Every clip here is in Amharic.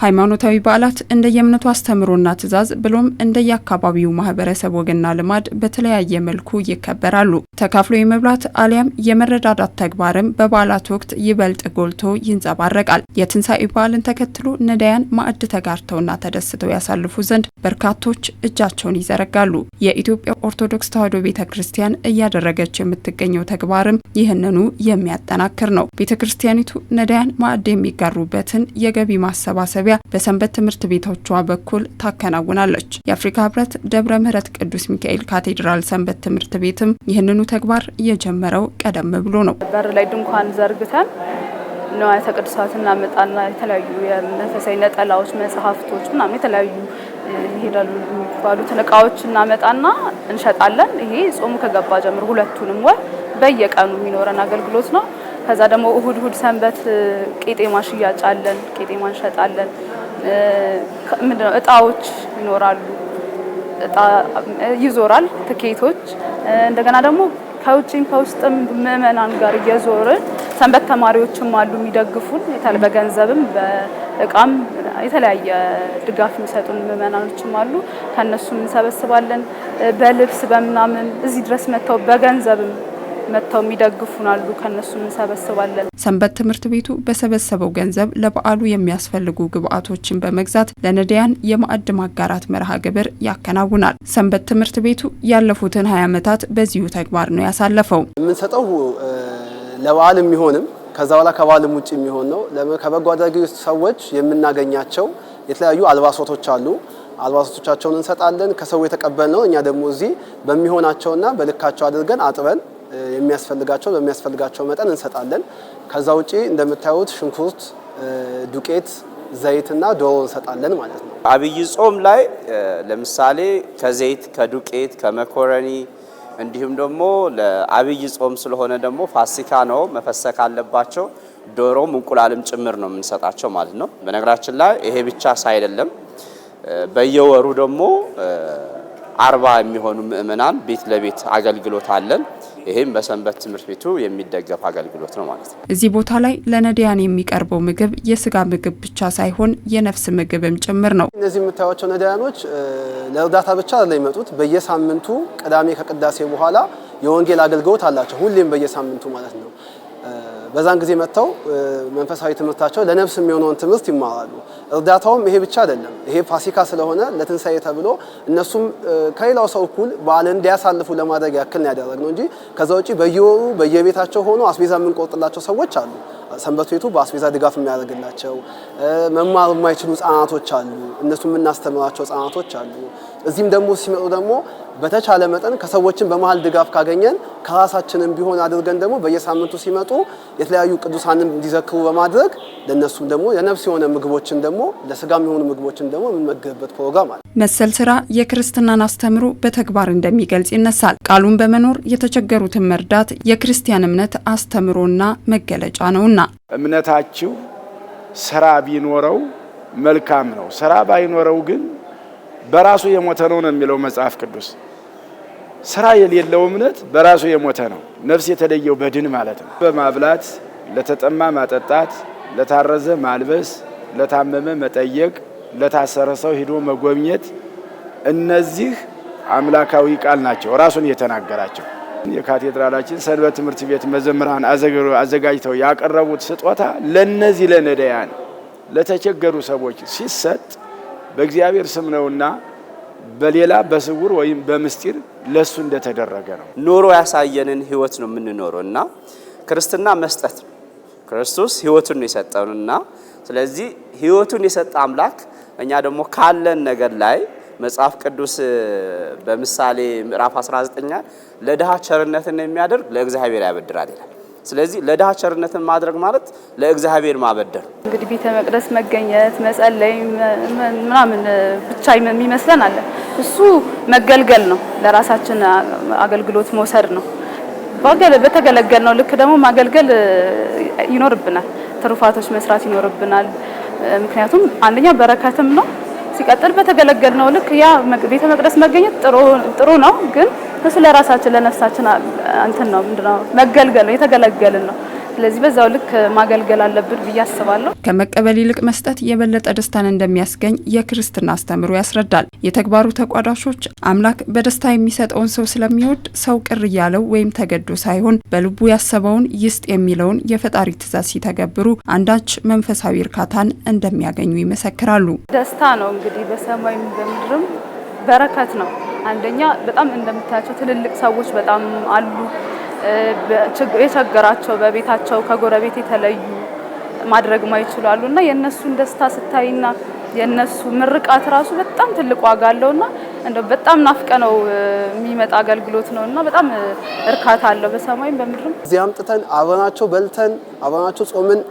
ሃይማኖታዊ በዓላት እንደየእምነቱ ና ትዕዛዝ ብሎም እንደየአካባቢው ማህበረሰብ ወግና ልማድ በተለያየ መልኩ ይከበራሉ። ተካፍሎ የመብላት አሊያም የመረዳዳት ተግባርም በበዓላት ወቅት ይበልጥ ጎልቶ ይንጸባረቃል። የትንሣኤ በዓልን ተከትሎ ነዳያን ማዕድ ተጋርተውና ተደስተው ያሳልፉ ዘንድ በርካቶች እጃቸውን ይዘረጋሉ። የኢትዮጵያ ኦርቶዶክስ ተዋሕዶ ቤተ ክርስቲያን እያደረገች የምትገኘው ተግባርም ይህንኑ የሚያጠናክር ነው። ቤተ ክርስቲያኒቱ ነዳያን ማዕድ የሚጋሩበትን የገቢ ማሰባሰብ መታሰቢያ በሰንበት ትምህርት ቤቶቿ በኩል ታከናውናለች። የአፍሪካ ህብረት ደብረ ምህረት ቅዱስ ሚካኤል ካቴድራል ሰንበት ትምህርት ቤትም ይህንኑ ተግባር እየጀመረው ቀደም ብሎ ነው። በር ላይ ድንኳን ዘርግተን ንዋያተ ቅዱሳትን እናመጣና የተለያዩ የመንፈሳዊ ነጠላዎች፣ መጽሐፍቶች ምናምን የተለያዩ ይሄዳሉ የሚባሉትን እቃዎች እናመጣና እንሸጣለን። ይሄ ጾሙ ከገባ ጀምሮ ሁለቱንም ወር በየቀኑ የሚኖረን አገልግሎት ነው። ከዛ ደግሞ እሁድ እሁድ ሰንበት ቄጤማ ሽያጭ አለን። ቄጤማ እንሸጣለን። ምንድነው እጣዎች ይኖራሉ። እጣ ይዞራል። ትኬቶች እንደገና ደግሞ ከውጭም ከውስጥም ምዕመናን ጋር እየዞርን ሰንበት ተማሪዎችም አሉ የሚደግፉን በገንዘብም በእቃም የተለያየ ድጋፍ የሚሰጡን ምዕመናኖችም አሉ። ከእነሱም እንሰበስባለን። በልብስ በምናምን እዚህ ድረስ መጥተው በገንዘብም መጥተው የሚደግፉን አሉ። ከነሱ እንሰበስባለን። ሰንበት ትምህርት ቤቱ በሰበሰበው ገንዘብ ለበዓሉ የሚያስፈልጉ ግብዓቶችን በመግዛት ለነዳያን የማዕድ ማጋራት መርሃ ግብር ያከናውናል። ሰንበት ትምህርት ቤቱ ያለፉትን ሀያ ዓመታት በዚሁ ተግባር ነው ያሳለፈው። የምንሰጠው ለበዓል የሚሆንም ከዛ በኋላ ከበዓልም ውጭ የሚሆን ነው። ከበጎ አድራጊ ሰዎች የምናገኛቸው የተለያዩ አልባሶቶች አሉ። አልባሶቶቻቸውን እንሰጣለን። ከሰው የተቀበልነው እኛ ደግሞ እዚህ በሚሆናቸውና በልካቸው አድርገን አጥበን የሚያስፈልጋቸው በሚያስፈልጋቸው መጠን እንሰጣለን። ከዛ ውጪ እንደምታዩት ሽንኩርት፣ ዱቄት፣ ዘይትና ዶሮ እንሰጣለን ማለት ነው። አብይ ጾም ላይ ለምሳሌ ከዘይት ከዱቄት ከመኮረኒ እንዲሁም ደግሞ ለአብይ ጾም ስለሆነ ደግሞ ፋሲካ ነው መፈሰክ አለባቸው። ዶሮም እንቁላልም ጭምር ነው የምንሰጣቸው ማለት ነው። በነገራችን ላይ ይሄ ብቻ ሳይደለም በየወሩ ደግሞ አርባ የሚሆኑ ምእመናን ቤት ለቤት አገልግሎት አለን። ይህም በሰንበት ትምህርት ቤቱ የሚደገፍ አገልግሎት ነው ማለት ነው። እዚህ ቦታ ላይ ለነዳያን የሚቀርበው ምግብ የስጋ ምግብ ብቻ ሳይሆን የነፍስ ምግብም ጭምር ነው። እነዚህ የምታዩቸው ነዳያኖች ለእርዳታ ብቻ ላይ መጡት በየሳምንቱ ቅዳሜ ከቅዳሴ በኋላ የወንጌል አገልግሎት አላቸው። ሁሌም በየሳምንቱ ማለት ነው። በዛን ጊዜ መጥተው መንፈሳዊ ትምህርታቸው ለነፍስ የሚሆነውን ትምህርት ይማራሉ። እርዳታውም ይሄ ብቻ አይደለም። ይሄ ፋሲካ ስለሆነ ለትንሳኤ ተብሎ እነሱም ከሌላው ሰው እኩል በዓልን እንዲያሳልፉ ለማድረግ ያክል ነው ያደረግነው እንጂ ከዛ ውጪ በየወሩ በየቤታቸው ሆኖ አስቤዛ የምንቆርጥላቸው ሰዎች አሉ። ሰንበት ቤቱ በአስቤዛ ድጋፍ የሚያደርግላቸው መማር የማይችሉ ህጻናቶች አሉ። እነሱ የምናስተምራቸው ህጻናቶች አሉ። እዚህም ደግሞ ሲመጡ ደግሞ በተቻለ መጠን ከሰዎችን በመሀል ድጋፍ ካገኘን ከራሳችንም ቢሆን አድርገን ደግሞ በየሳምንቱ ሲመጡ የተለያዩ ቅዱሳንም እንዲዘክሩ በማድረግ ለእነሱም ደግሞ ለነፍስ የሆነ ምግቦችን ደግሞ ለስጋም የሆኑ ምግቦችን ደግሞ የምንመገብበት ፕሮግራም አለ። መሰል ስራ የክርስትናን አስተምሮ በተግባር እንደሚገልጽ ይነሳል። ቃሉን በመኖር የተቸገሩትን መርዳት የክርስቲያን እምነት አስተምሮና መገለጫ ነውና እምነታችሁ ስራ ቢኖረው መልካም ነው። ስራ ባይኖረው ግን በራሱ የሞተ ነው ነው የሚለው መጽሐፍ ቅዱስ። ስራ የሌለው እምነት በራሱ የሞተ ነው። ነፍስ የተለየው በድን ማለት ነው። በማብላት ለተጠማ ማጠጣት፣ ለታረዘ ማልበስ፣ ለታመመ መጠየቅ፣ ለታሰረ ሰው ሂዶ መጎብኘት፣ እነዚህ አምላካዊ ቃል ናቸው። ራሱን የተናገራቸው የካቴድራላችን ሰንበት ትምህርት ቤት መዘምራን አዘጋጅተው ያቀረቡት ስጦታ ለነዚህ ለነዳያን ለተቸገሩ ሰዎች ሲሰጥ በእግዚአብሔር ስም ነውና በሌላ በስውር ወይም በምስጢር ለሱ እንደተደረገ ነው። ኖሮ ያሳየንን ህይወት ነው የምንኖረው እና ክርስትና መስጠት ነው። ክርስቶስ ህይወቱን ነው የሰጠንና ስለዚህ ህይወቱን የሰጠ አምላክ እኛ ደግሞ ካለን ነገር ላይ መጽሐፍ ቅዱስ በምሳሌ ምዕራፍ 19 ለድሃ ቸርነትን የሚያደርግ ለእግዚአብሔር ያበድራል ይላል። ስለዚህ ለድሃ ቸርነትን ማድረግ ማለት ለእግዚአብሔር ማበደር። እንግዲህ ቤተ መቅደስ መገኘት መጸለይ ምናምን ብቻ የሚመስለን አለ። እሱ መገልገል ነው፣ ለራሳችን አገልግሎት መውሰድ ነው። በተገለገል ነው ልክ ደግሞ ማገልገል ይኖርብናል፣ ትሩፋቶች መስራት ይኖርብናል። ምክንያቱም አንደኛ በረከትም ነው ሲቀጥል በተገለገል ነው ልክ ያ ቤተ መቅደስ መገኘት ጥሩ ነው ግን ስለ ለራሳችን ለነፍሳችን እንትን ነው ምንድነው መገልገል ነው የተገለገልን ነው። ስለዚህ በዛው ልክ ማገልገል አለብን ብዬ አስባለሁ። ከመቀበል ይልቅ መስጠት የበለጠ ደስታን እንደሚያስገኝ የክርስትና አስተምሮ ያስረዳል። የተግባሩ ተቋዳሾች አምላክ በደስታ የሚሰጠውን ሰው ስለሚወድ ሰው ቅር እያለው ወይም ተገዶ ሳይሆን በልቡ ያሰበውን ይስጥ የሚለውን የፈጣሪ ትእዛዝ ሲተገብሩ አንዳች መንፈሳዊ እርካታን እንደሚያገኙ ይመሰክራሉ። ደስታ ነው እንግዲህ በሰማይም በምድርም በረከት ነው። አንደኛ በጣም እንደምታያቸው ትልልቅ ሰዎች በጣም አሉ። የቸገራቸው በቤታቸው ከጎረቤት የተለዩ ማድረግ ማይችሉ አሉ እና የእነሱን ደስታ ስታይና የእነሱ ምርቃት ራሱ በጣም ትልቅ ዋጋ አለውና እንደው በጣም ናፍቀ ነው የሚመጣ አገልግሎት ነው እና በጣም እርካታ አለው በሰማይም በምድርም። እዚህ አምጥተን አብረናቸው በልተን አብረናቸው ጾምን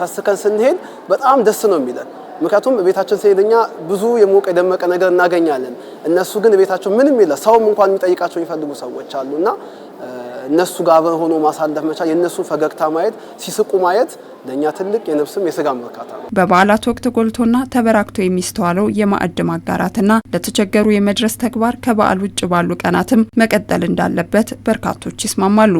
ፈስከን ስንሄድ በጣም ደስ ነው የሚለን። ምክንያቱም ቤታችን ስሄድ ብዙ የሞቀ የደመቀ ነገር እናገኛለን። እነሱ ግን ቤታቸው ምንም የለ ሰውም እንኳን የሚጠይቃቸው የሚፈልጉ ሰዎች አሉ እና እነሱ ጋር አብረን ሆኖ ማሳለፍ መቻል፣ የእነሱ ፈገግታ ማየት፣ ሲስቁ ማየት ለእኛ ትልቅ የነፍስም የስጋ መርካታ ነው። በበዓላት ወቅት ጎልቶና ተበራክቶ የሚስተዋለው የማዕድ ማጋራትና ለተቸገሩ የመድረስ ተግባር ከበዓል ውጭ ባሉ ቀናትም መቀጠል እንዳለበት በርካቶች ይስማማሉ።